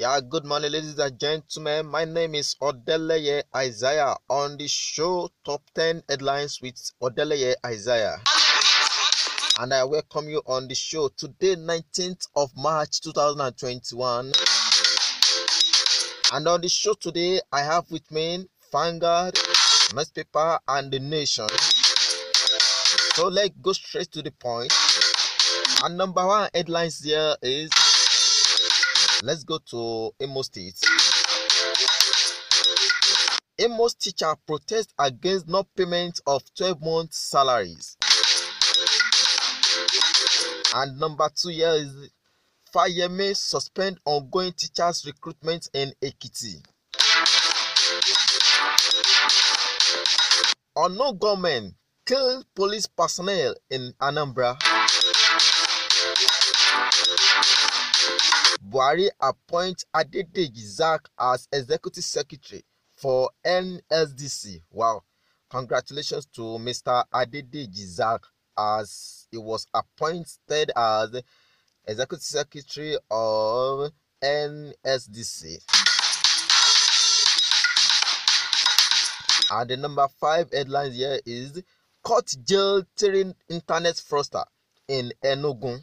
Yeah, good morning, ladies and gentlemen. My name is Odeleye Isaiah on the show Top 10 Headlines with Odeleye Isaiah. And I welcome you on the show today, 19th of March 2021. And on the show today, I have with me Vanguard, Newspaper, and The Nation. So let's go straight to the point. And number one headlines here is Let's go to Imo State. Imo's teacher protest against not payment of 12 month salaries. And number two here is Fayeme suspend ongoing teachers recruitment in Ekiti. Unknown gunmen kill police personnel in Anambra. Buhari appoint Adédèjì Zack as Executive Secretary for NSDC. Wow. Congratulations to Mr. Adedeji Zack as he was appointed as Executive Secretary of NSDC. And the number five headline here is Court Jail Tearing Internet Fraudster in Enugu.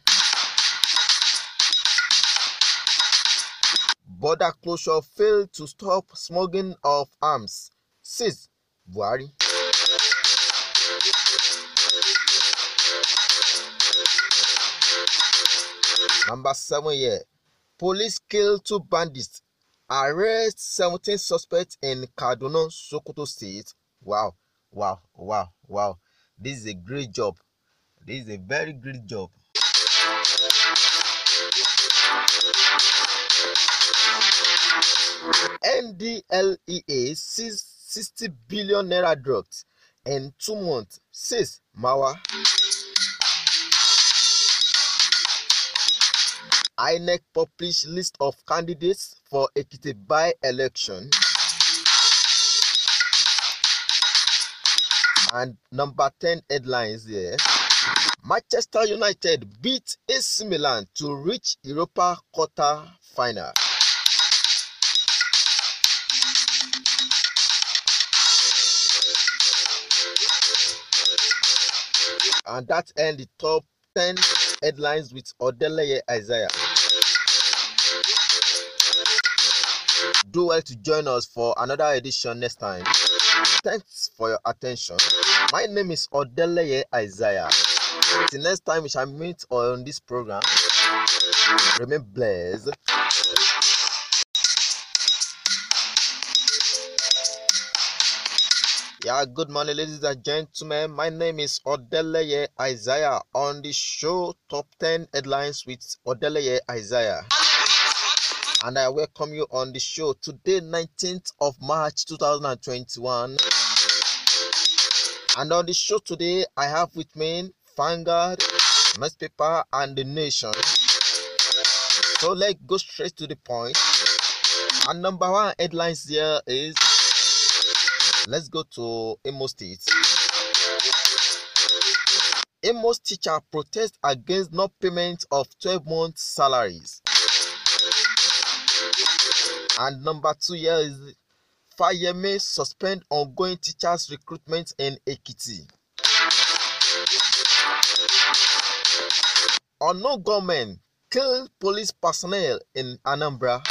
border closure failed to stop smuggling of arms says Buhari. Number seven here, police kill two bandits, arrest seventeen suspects in Kaduna, Sokoto State. Wow, wow, wow, wow. This is a great job. This is a very great job. ndlea sees sixty billion naira dropped in two months says Mawa. INEC published list of candidates for Ekiti by-election. And number ten headlines here. Manchester United beat AC Milan to reach Europa quarter final. And that end the top 10 headlines with Odeleye Isaiah. Do well to join us for another edition next time. Thanks for your attention. My name is Odeleye Isaiah. Till next time, we shall meet on this program. Remain blessed. Yeah, good morning, ladies and gentlemen. My name is Odeleye Isaiah on the show Top 10 Headlines with Odeleye Isaiah. And I welcome you on the show today, 19th of March 2021. And on the show today, I have with me Vanguard, Newspaper, and The Nation. So let's go straight to the point. And number one headlines here is Let's go to Imo State. Imo's teacher protests against not payment of 12 month salaries. And number two here is Fayeme suspend ongoing teachers recruitment in Ekiti. Unknown gunmen kill police personnel in Anambra.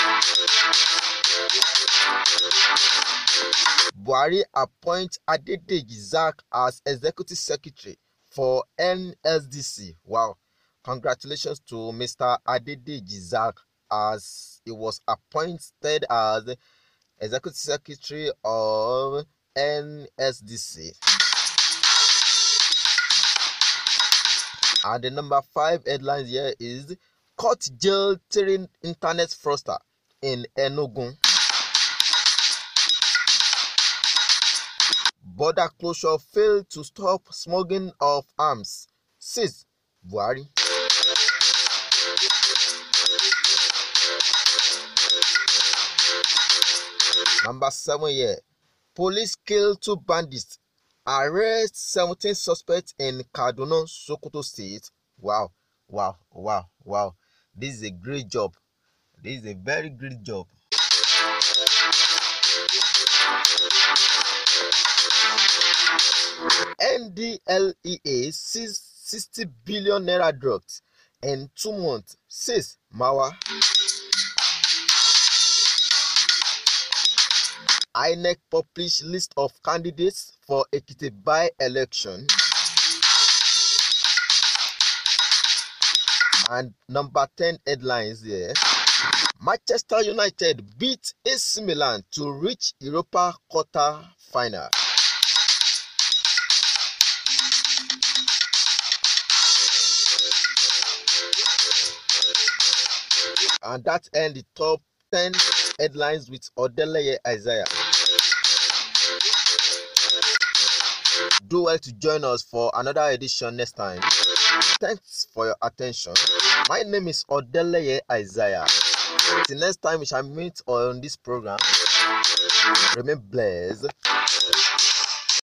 Buhari appoint Adédèjì Zack as Executive Secretary for NSDC. Wow. Congratulations to Mr. Adedeji Zack as he was appointed as Executive Secretary of NSDC. And the number five headline here is Court Jail Tearing Internet Fraudster in Enugu. Border closure failed to stop smuggling of arms, says Buhari. Number seven here. Police kill two bandits, arrest seventeen suspects in Kaduna, Sokoto State. Wow, wow, wow, wow. This is a great job. This is a very great job. ndlea sees sixty billion naira dropped in two months says Mawa. INEC published list of candidates for Ekiti by-election. And number ten headlines here. Manchester United beat AC Milan to reach Europa quarter final. And that ends the top ten headlines with Odeleye Isaiah. Do well to join us for another edition next time. Thanks for your attention. My name is Odeleye Isaiah. Till next time, we shall meet on this program. Remain blessed.